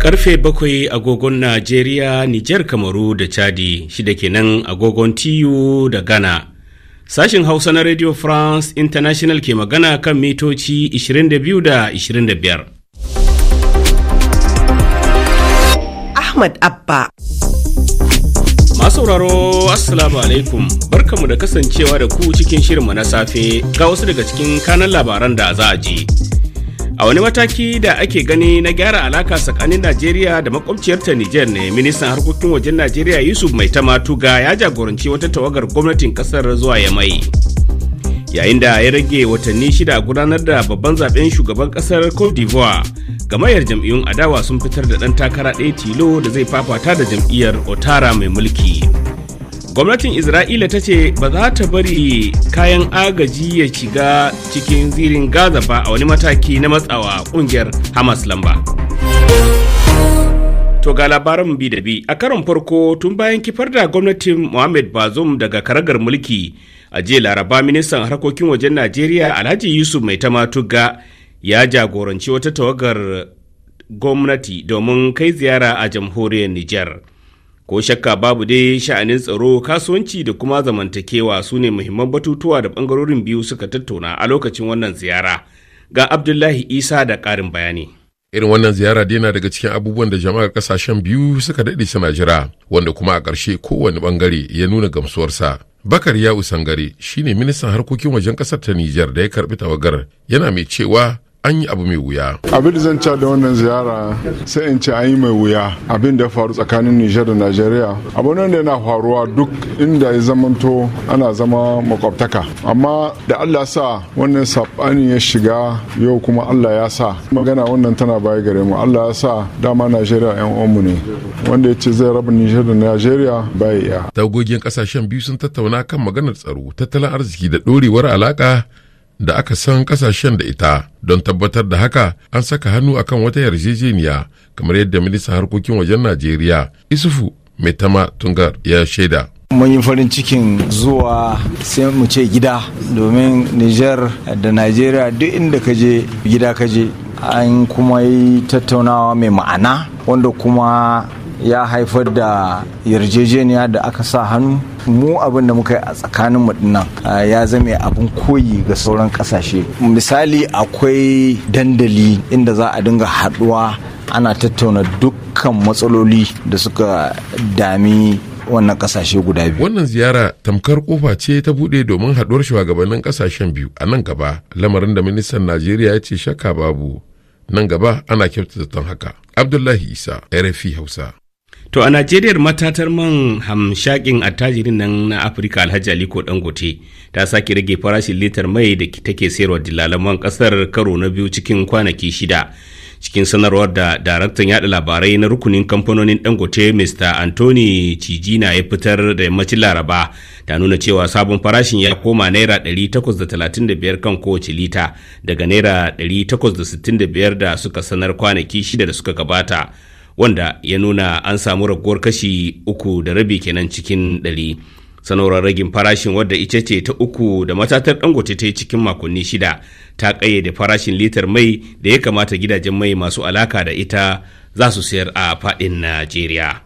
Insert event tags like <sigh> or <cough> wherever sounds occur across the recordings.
Karfe bakwai agogon Najeriya, Nijar, Kamaru da Chadi, shida kenan agogon tiyu da Ghana. Sashen Hausa na Radio France International ke magana kan mitoci 22 da 25. Ahmad Abba sauraro assalamu alaikum barkamu da kasancewa da ku cikin shirinmu na safe ga wasu daga cikin kanan labaran da za a ji. a wani mataki da ake gani na gyara alaka tsakanin najeriya da makwabciyarta niger ne ministan harkokin wajen najeriya yusuf mai tamatuga ya jagoranci wata tawagar gwamnatin kasar zuwa yamai yayin da ya rage watanni shida a gudanar da babban zaben shugaban kasar cote d'ivoire gamayyar jam'iyyun adawa sun fitar da ɗan takara ɗaya tilo da zai fafata da jam'iyyar otara mai mulki gwamnatin isra'ila ta ce ba za ta bari kayan agaji ya shiga cikin zirin gaza ba a wani mataki na matsawa kungiyar hamas lamba To ga labaran bi da bi a karon farko tun bayan kifar da gwamnatin Mohamed Bazoum daga karagar mulki a jiya laraba ministan harkokin wajen Najeriya Alhaji Yusuf Mai Tamatuga ya jagoranci wata tawagar gwamnati domin kai ziyara a jamhuriyar Nijar. ko shakka babu dai sha'anin tsaro kasuwanci da kuma zamantakewa su ne muhimman batutuwa da bangarorin biyu suka tattauna a lokacin wannan ziyara ga abdullahi isa da karin bayani irin wannan ziyara yana daga cikin abubuwan da jama'ar kasashen biyu suka daɗe suna jira wanda kuma a ƙarshe kowane bangare ya nuna gamsuwarsa bakar ya usangare shine ministan harkokin wajen ƙasar ta nijar da ya karɓi tawagar yana mai cewa an yi abu mai wuya. Abin da zan ca da wannan ziyara sai in ce an yi mai wuya abin da ya faru tsakanin Nijar da Najeriya. Abu nan da yana faruwa duk inda ya zamanto ana zama makwabtaka. Amma da Allah sa wannan sabani ya shiga yau kuma Allah ya sa magana wannan tana baya gare mu. Allah ya sa dama Najeriya yan uwanmu ne. Wanda ya ce zai raba Nijar da Najeriya baya iya. Tagogin kasashen biyu sun tattauna kan maganar tsaro, tattalin arziki da ɗorewar alaka da aka san kasashen da ita don tabbatar da haka an saka hannu akan wata yarjejeniya kamar yadda ministan harkokin wajen najeriya isufu mai tama tungar ya shaida mun yi farin cikin zuwa sai mu ce gida domin niger da nigeria duk inda ka je gida ka je an kuma yi tattaunawa mai ma'ana wanda kuma ya haifar da yarjejeniya da aka sa hannu mu abin da muka yi a tsakanin mu ya zame abin koyi ga sauran kasashe misali akwai dandali inda za a dinga haɗuwa ana tattauna dukkan matsaloli da suka dami wannan kasashe guda biyu. Wannan ziyara tamkar kofa ce ta buɗe domin haɗuwar shugabannin kasashen biyu a nan gaba lamarin da ministan Najeriya ya ce shakka babu nan gaba ana kyautata haka. Abdullahi Isa, RFI Hausa. To a Najeriya matatar man hamshakin attajirin nan na Afirka Alhaji Aliko Dangote ta sake rage farashin litar mai da take sayarwa dilalan man kasar karo na biyu cikin kwanaki shida. Cikin sanarwar da daraktan yada labarai na rukunin kamfanonin Dangote Mr. Anthony Cijina ya fitar da yammacin Laraba ta nuna cewa sabon farashin ya koma naira 835 kan kowace lita daga naira 865 da suka sanar kwanaki shida da suka gabata. wanda ya nuna an samu raguwar kashi uku da rabi kenan cikin ɗari sanarwar ragin farashin wadda ita ce ta uku da matatar dangote ta yi cikin makonni shida ta ƙayyade farashin litar mai da ya kamata gidajen mai masu alaka da ita za su sayar a faɗin najeriya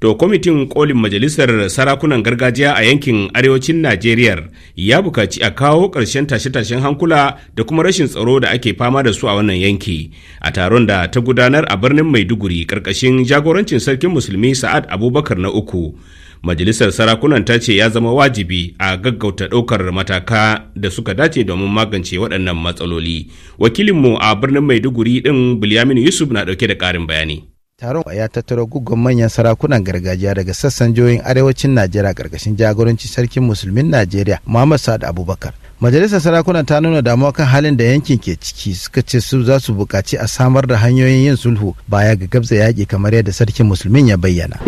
To kwamitin kolin majalisar sarakunan gargajiya a yankin arewacin Najeriya ya bukaci a kawo ƙarshen tashe-tashen hankula da kuma rashin tsaro da ake fama da su a wannan yanki. A taron da ta gudanar a birnin Maiduguri ƙarƙashin jagorancin sarkin musulmi Sa'ad Abubakar na uku. Majalisar sarakunan ta ce ya zama wajibi a gaggauta ɗaukar mataka da suka dace domin magance waɗannan matsaloli. Wakilinmu a birnin Maiduguri ɗin Bilyaminu Yusuf na ɗauke da ƙarin bayani. taron ya tattaro gugun manyan sarakunan gargajiya daga sassan jihohin arewacin najeriya karkashin jagoranci sarkin musulmin najeriya muhammad sa'ad abubakar majalisar Sarakuna ta nuna damuwa kan halin da yankin ke ciki suka ce su za su buƙaci a samar da hanyoyin yin sulhu baya ga gabza yaƙi kamar yadda sarkin musulmin ya bayyana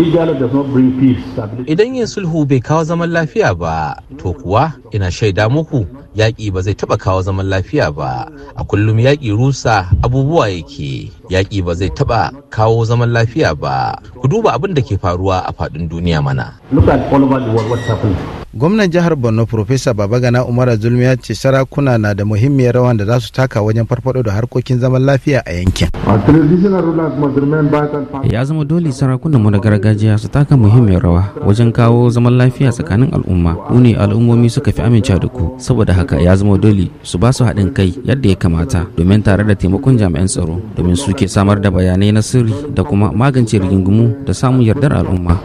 idan yin sulhu bai kawo zaman lafiya ba to kuwa ina shaida muku yaƙi ba zai taɓa kawo zaman lafiya ba a kullum yaƙi rusa abubuwa yake yaƙi ba zai taɓa kawo zaman lafiya ba ku duba abin da ke faruwa a faɗin duniya mana gwamnan jihar borno profesa Gana umar zulmi ya ce sarakuna na da muhimmiyar rawan da za su taka wajen farfado da harkokin zaman lafiya a yankin ya zama dole sarakunanmu na gargajiya su taka muhimmiyar rawa wajen kawo zaman lafiya tsakanin al'umma ku al'ummomi suka fi amincewa da ku saboda haka ya zama dole su ba su haɗin kai yadda ya kamata domin tare da taimakon jami'an tsaro domin su ke samar da bayanai na sirri da kuma magance rigingumu da samun yardar al'umma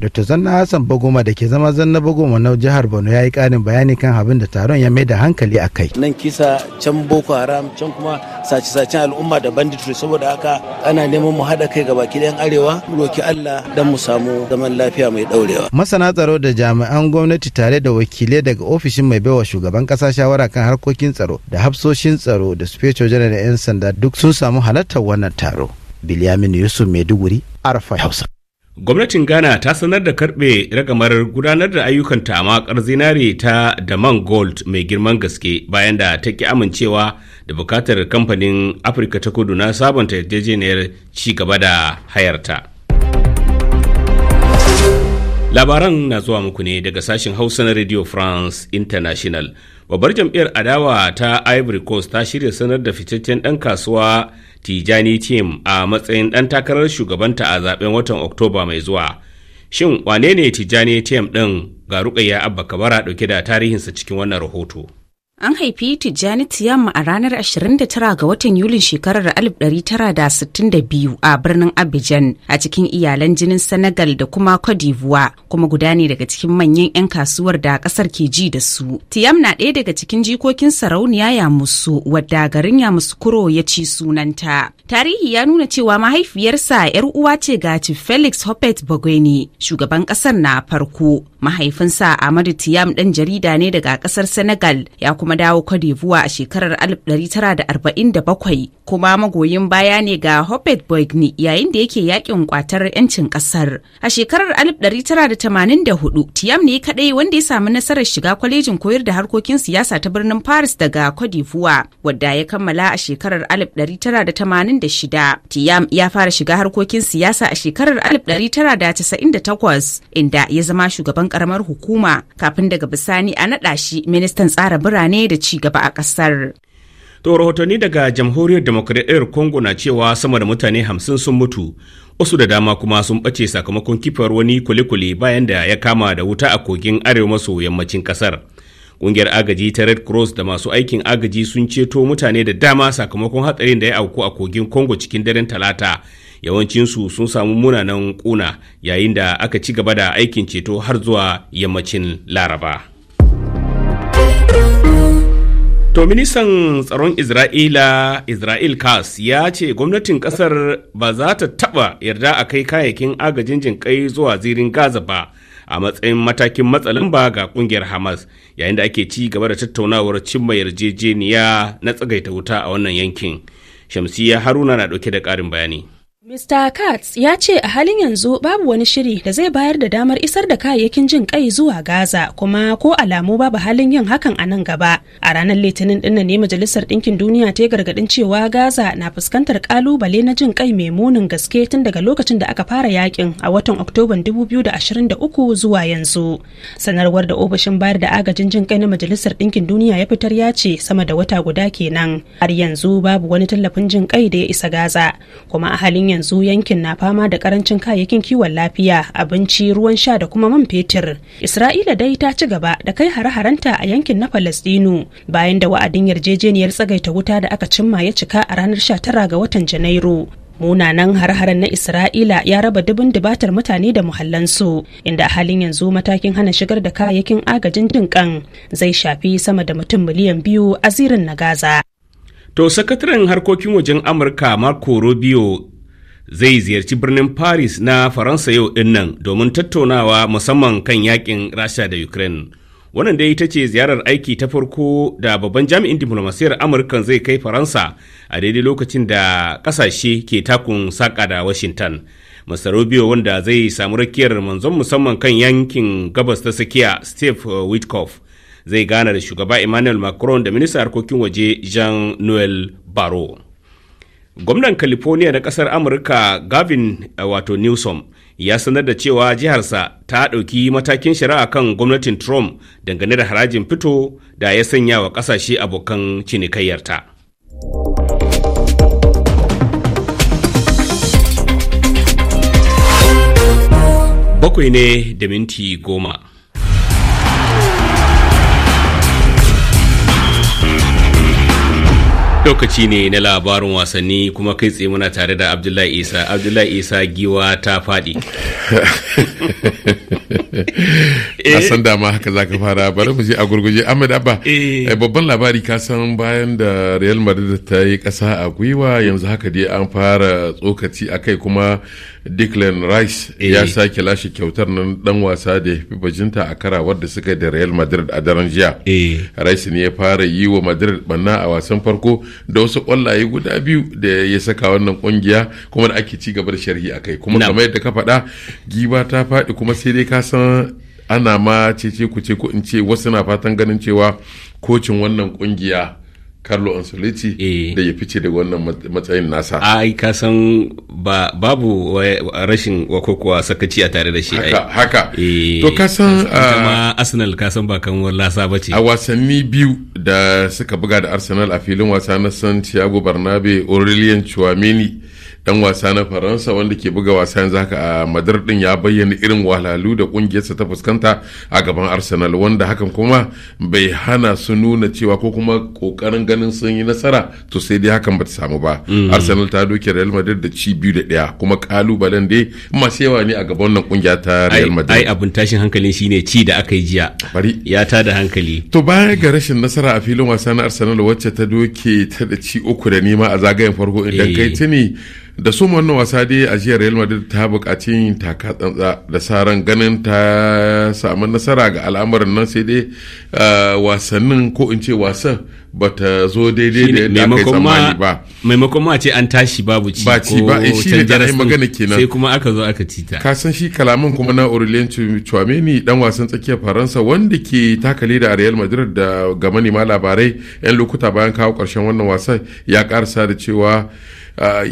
dr zanna hassan bagoma da ke zama zanna bagoma na jihar borno ya yi karin bayani kan abin da taron ya mai da hankali a kai nan kisa can boko haram can kuma sace-sacen al'umma da banditry saboda haka ana neman mu haɗa kai gaba ɗayan arewa roki allah dan mu samu zaman lafiya mai ɗaurewa masana tsaro da jami'an gwamnati tare da wakilai daga ofishin mai baiwa shugaban ƙasa shawara kan harkokin tsaro da hafsoshin tsaro da special janar da 'yan sanda duk sun samu halartar wannan taro biliyamin yusuf maiduguri arfa hausa gwamnatin ghana ta sanar da karbe ragamar gudanar da ayyukanta a makar zinare ta daman gold mai girman gaske bayan da ta ki amincewa da bukatar kamfanin afirka ta kudu na sabonta yarjejeniyar ci gaba da hayarta labaran na zuwa muku ne daga sashen hausa na radio france international babbar jam'iyyar adawa ta ivory coast ta shirya sanar da fitaccen ɗan kasuwa tijani tim a matsayin ɗan takarar shugabanta a zaben watan oktoba mai zuwa shin wane ne tijani tim ɗin ga ruƙayya abba kabara ɗauke da tarihinsa cikin wannan rahoto An haifi Tijjani Tiyama a ranar 29 ga watan Yulin shekarar 1962 a birnin Abidjan a cikin iyalan jinin Senegal da kuma Cote d'Ivoire kuma guda ne daga cikin manyan 'yan kasuwar da kasar ke ji da su. Tiyam na ɗaya daga cikin jikokin sarauniya ya Yamusu wadda garin Yamusukuro ya ci sunanta. Tarihi ya nuna cewa mahaifiyarsa 'yar uwa ce ga Felix Hoppet Bogweni, shugaban kasar na farko. Mahaifinsa Ahmadu Tiyam ɗan jarida ne daga ƙasar Senegal ya kuma kuma dawo Cote a shekarar 1947 kuma magoyin baya ne ga hobbit Boigny yayin da yake yakin kwatar 'yancin kasar. A shekarar 1984 Tiyam ne kadai wanda ya samu nasarar shiga kwalejin koyar da harkokin siyasa ta birnin Paris daga Cote d'Ivoire wadda ya kammala a shekarar 1986. Tiyam ya fara shiga harkokin siyasa a shekarar 1998 inda ya zama shugaban karamar hukuma kafin daga bisani a naɗa shi ministan tsara birane amfani da ci gaba a kasar. To rahotanni daga jamhuriyar demokradiyyar Congo na cewa sama da mutane hamsin sun mutu, wasu da dama kuma sun ɓace sakamakon kifar wani kule-kule bayan da ya kama da wuta a kogin arewa maso yammacin ƙasar. Ƙungiyar agaji ta Red Cross da masu aikin agaji sun ceto mutane da dama sakamakon hatsarin da ya auku a kogin Congo cikin daren talata. Yawancinsu sun samu munanan ƙuna yayin da aka ci gaba da aikin ceto har zuwa yammacin Laraba. To ministan tsaron Isra'ila Isra'il Kas ya ce gwamnatin kasar ba za ta taɓa yarda a kai kayayyakin agajin kai zuwa zirin Gaza ba a matsayin matakin matsalin ba ga ƙungiyar Hamas yayin da ake ci gaba da tattaunawar cimma yarjejeniya na tsagaita wuta a wannan yankin. Shamsiya Haruna na ɗauke da ƙarin bayani. Mr. Katz ya ce a halin yanzu babu wani shiri da zai bayar da damar isar da kayayyakin jin kai zuwa Gaza kuma ko alamu babu halin yin hakan a nan gaba. A ranar Litinin din ne Majalisar Ɗinkin Duniya ta gargadin cewa Gaza na fuskantar kalubale na jin kai mai munin gaske tun daga lokacin da aka fara yakin a watan Oktoban 2023 zuwa yanzu. Sanarwar da ofishin bayar da agajin jin kai na Majalisar Ɗinkin Duniya ya fitar ya ce sama da wata guda kenan. Har yanzu babu wani tallafin jin kai da ya isa Gaza kuma a halin yanzu yankin na fama da karancin kayayyakin kiwon lafiya abinci ruwan sha da kuma man fetur isra'ila dai ta ci gaba da kai hare-harenta a yankin na falastinu bayan da wa'adin yarjejeniyar tsagaita wuta da aka cimma ya cika a ranar 19 ga watan janairu munanan har-haren na isra'ila ya raba dubin dubatar mutane da muhallansu inda a halin yanzu matakin hana shigar da kayayyakin agajin dinkan zai shafi sama da mutum miliyan biyu a zirin na gaza to sakataren harkokin wajen amurka marco rubio zai ziyarci birnin Paris na Faransa yau dinnan nan domin tattaunawa musamman kan yakin Rasha da Ukraine. Wannan dai ita ce ziyarar aiki ta farko da babban jami'in diplomasiyar Amurka zai kai Faransa a daidai lokacin da kasashe ke takun saƙa da Washington. Mr. Rubio wanda zai samu rakiyar manzon musamman kan yankin gabas ta tsakiya Steve uh, Witkoff zai gana da shugaba Emmanuel Macron da ministan harkokin waje Jean-Noel barrow. gwamnan california na kasar amurka gavin eh, wato newsom ya sanar da cewa jiharsa ta ɗauki matakin shari'a kan gwamnatin trump dangane da harajin fito da ya sanya wa ƙasashe abokan cinikayyarta bakwai ne da minti goma lokaci ne na labarin wasanni kuma kai tsaye muna tare da abdullahi isa abdullahi isa giwa ta faɗi <laughs> a san dama haka za ka fara bari mu je a gurguje ahmed abba eh. Eh, babban labari ka san bayan da real madrid ta yi ƙasa a gwiwa yanzu haka dai an fara tsokaci a kai kuma declan rice ya eh. sake lashe kyautar nan dan wasa da ya fi bajinta a karawar da suka da real madrid a daren jiya rice ne ya fara yi wa madrid banna a wasan farko da wasu kwallaye guda biyu da ya saka wannan kungiya kuma da ake ci gaba da sharhi a kai kuma kamar yadda ka faɗa giba ta faɗi kuma sai dai ka san ana ma cece ku ce ko in ce wasu na fatan ganin cewa kocin wannan ƙungiya. Carlo Ancelotti eh. da ya fice daga wannan matsayin nasa. Ai ka san ba babu rashin wakokuwa sakaci a tare da shi haka, haka. Eh, to ka san ah, Arsenal ka ba kan lasa ba ce. A wasanni biyu da suka buga da Arsenal a filin wasa na Santiago Barnabe Aurelien Chouameni dan wasa na faransa wanda ke buga wasa yanzu haka a madar din ya bayyana irin wahalhalu da kungiyarsa ta fuskanta a gaban arsenal wanda hakan kuma bai hana su nuna cewa ko kuma kokarin ganin sun yi nasara to sai dai hakan bata samu ba mm. arsenal ta doke real madrid da ci biyu da daya kuma kalubalen dai masu yawa ne a gaban wannan kungiya ta real madrid ai abin tashin hankali shine ci da aka yi jiya ya ta da hankali to baya ga rashin nasara a filin wasa na arsenal wacce ta doke ta da ci uku da nema a zagayen farko idan kai eh. tuni da su wannan wasa dai a jiya real madrid ta bukaci yin taka tsantsa da saran ganin ta samu nasara ga al'amarin nan sai dai eh, wasannin ko in ce wasan ba ta zo daidai da yadda aka yi tsammani ba maimakon ma ce an tashi babu ci ba ci ba shi ne da ai magana kenan sai kuma aka zo aka ci ka san shi kalamin kuma na Aurelien Chouameni dan wasan tsakiyar Faransa wanda ke takale da Real Madrid da ne ma labarai yan lokuta bayan kawo karshen wannan wasan ya karsa da cewa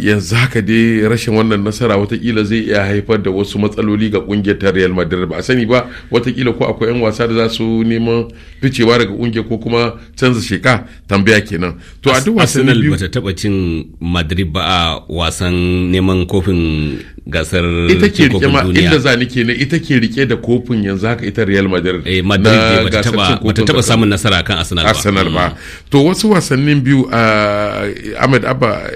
yanzu haka dai rashin wannan nasara watakila zai iya haifar da wasu matsaloli ga kungiyar ta real madrid ba a sani ba watakila ko akwai 'yan wasa da za su neman ficewa daga kungiyar ko kuma canza sheka tambaya kenan to a duk wasanni biyu bata taba cin Madrid ba a wasan neman kofin gasar ita ke rike ma inda za nike ne ita ke rike da kofin yanzu haka ita Real Madrid eh Madrid bata taba bata taba samun nasara kan Arsenal ba Arsenal ba mm. to wasu wasannin biyu ah, Ahmed Abba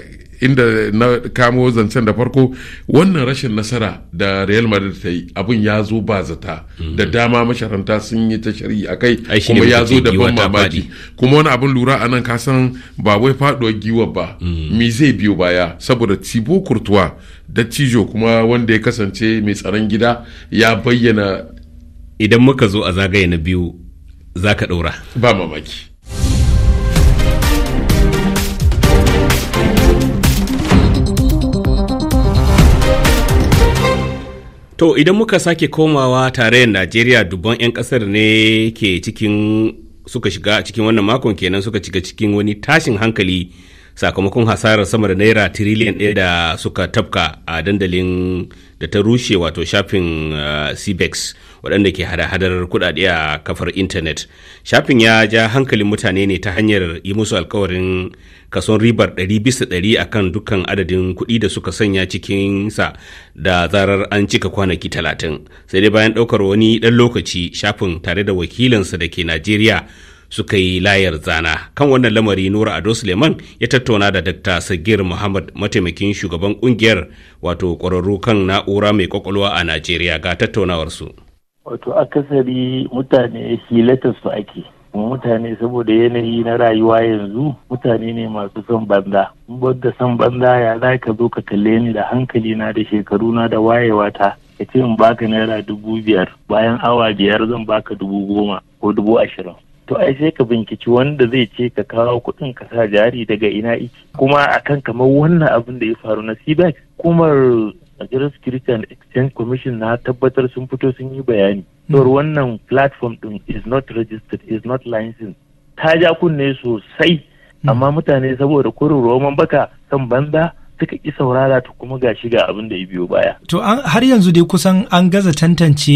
inda na kamo zancen da farko wannan rashin nasara da real madrid ta yi abin ya zo ba zata da mhm. dama masharanta sun yi ta shari'i a kai kuma ya zo da ban mamaki kuma wani abin lura a nan kasan ba wai faduwar giwa ba mhm. me zai biyo baya saboda tibo kurtuwa dattijo kuma wanda ya kasance mai tsaron gida ya bayyana idan muka zo a zagaye na biyu za ka ɗora. ba mamaki To idan muka sake komawa tarayyar Najeriya dubban 'yan kasar ne ke cikin suka shiga cikin wannan makon kenan suka shiga cikin wani tashin hankali sakamakon hasarar sama da naira tiriliyan ɗaya da suka tafka a dandalin da ta rushe wato shafin uh, cbex waɗanda ke hada-hadar kuɗaɗe a kafar intanet shafin ya ja hankalin mutane ne ta hanyar yi musu alkawarin kason ribar 100 a kan dukkan adadin kuɗi da suka sanya cikinsa da zarar an cika kwanaki talatin sai dai bayan ɗaukar wani ɗan lokaci shafin tare da wakilinsa da ke najeriya suka yi layar zana kan wannan lamari nura ado suleiman ya tattauna da dr sagir muhammad mataimakin shugaban kungiyar wato kwararru kan na'ura mai kwakwalwa a najeriya ga tattaunawar su. wato akasari mutane su ake mutane saboda yanayi na rayuwa yanzu mutane ne masu son banza da son banza ya za ka zo ka kalle ni da hankali na da shekaru na da wayewa ta ka ce in baka naira dubu biyar bayan awa biyar zan baka dubu goma ko dubu ashirin to ai sai ka binciki wanda zai ce ka kawo kuɗin ka sa jari daga ina iki kuma akan kamar wannan abin da ya faru na cbex kuma Nigerian Security and Exchange Commission na tabbatar sun fito sun yi bayani. Saboda hmm. wannan platform din is not registered, is not licensed. Ta ja kunne sosai, hmm. amma mutane saboda kurin roman baka kan banza suka ki saurara ta kuma ga shiga abin da ya biyo baya. To har yanzu dai kusan an gaza tantance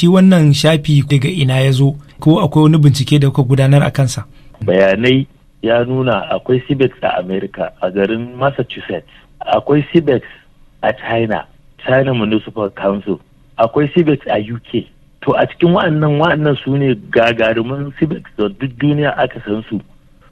shi wannan shafi daga ina ya zo. ko akwai wani bincike da kuka gudanar a kansa bayanai ya nuna akwai cibex a america a garin massachusetts akwai cibex a china china municipal council akwai cibex a uk to a cikin wa'annan wa'annan su ne gagarumin cibex da duk duniya aka san su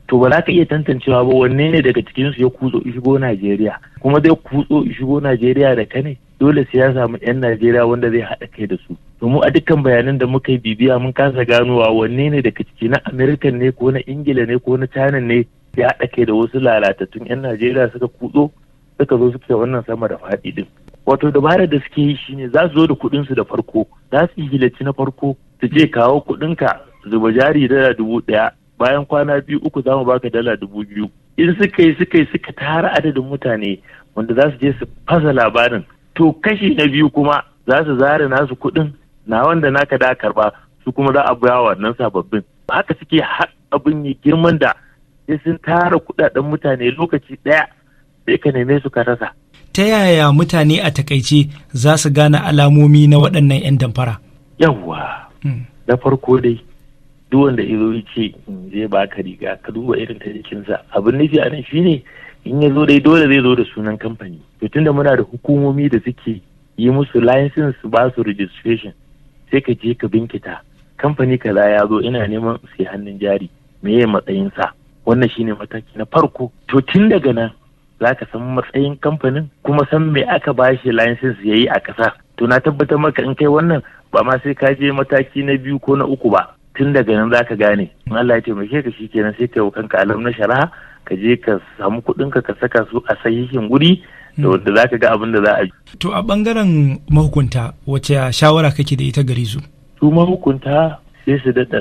to ba za ka iya tantancewa ba wanne ne daga cikin su ya kutso shigo Najeriya kuma zai kutso shigo Najeriya da ka ne dole sai ya samu 'yan Najeriya wanda zai haɗa kai da su domin a dukkan bayanan da muka yi bibiya mun kasa ganowa wanne ne daga ciki na American ne ko na Ingila ne ko na China ne ya haɗa kai da wasu lalatattun 'yan Najeriya suka kutso suka zo suke wannan sama da faɗi din wato dabarar da suke yi shine za su zo da kuɗin su da farko za su yi na farko su je kawo kuɗinka zuba jari dala dubu ɗaya bayan kwana biyu uku za mu baka dala dubu biyu in suka yi suka yi suka tara adadin mutane wanda za su je su fasa labarin to kashi na biyu kuma za su zare nasu kuɗin na wanda naka da karba su kuma za a biya wannan sababbin haka suke har abin yi girman da sai sun tara kuɗaɗen mutane lokaci ɗaya sai ka neme su ka rasa ta yaya mutane a takaice za su gane alamomi na waɗannan 'yan damfara yawwa hmm. na farko dai duk wanda zo ya ce zai baka riga ka duba irin ta jikinsa abin nufi a nan shine in ya zo dai dole zai zo da sunan kamfani to tunda muna da hukumomi da suke yi musu license ba su registration sai ka je ka binkita kamfani kaza ya zo ina neman sai hannun jari me ya matsayinsa wannan shine mataki na farko to tun daga nan za ka san matsayin kamfanin kuma san me aka ba shi license ya yi a ƙasa to na tabbatar maka in kai wannan ba ma sai ka je mataki na biyu ko na uku ba tun daga nan zaka gane in Allah ya taimake ka shi kenan sai kai kanka alam na shari'a ka je ka samu kuɗin ka ka saka su a sahihin guri da wanda zaka ga abin da za a yi to a bangaren mahukunta wace shawara kake da ita gare su su mahukunta sai su daɗa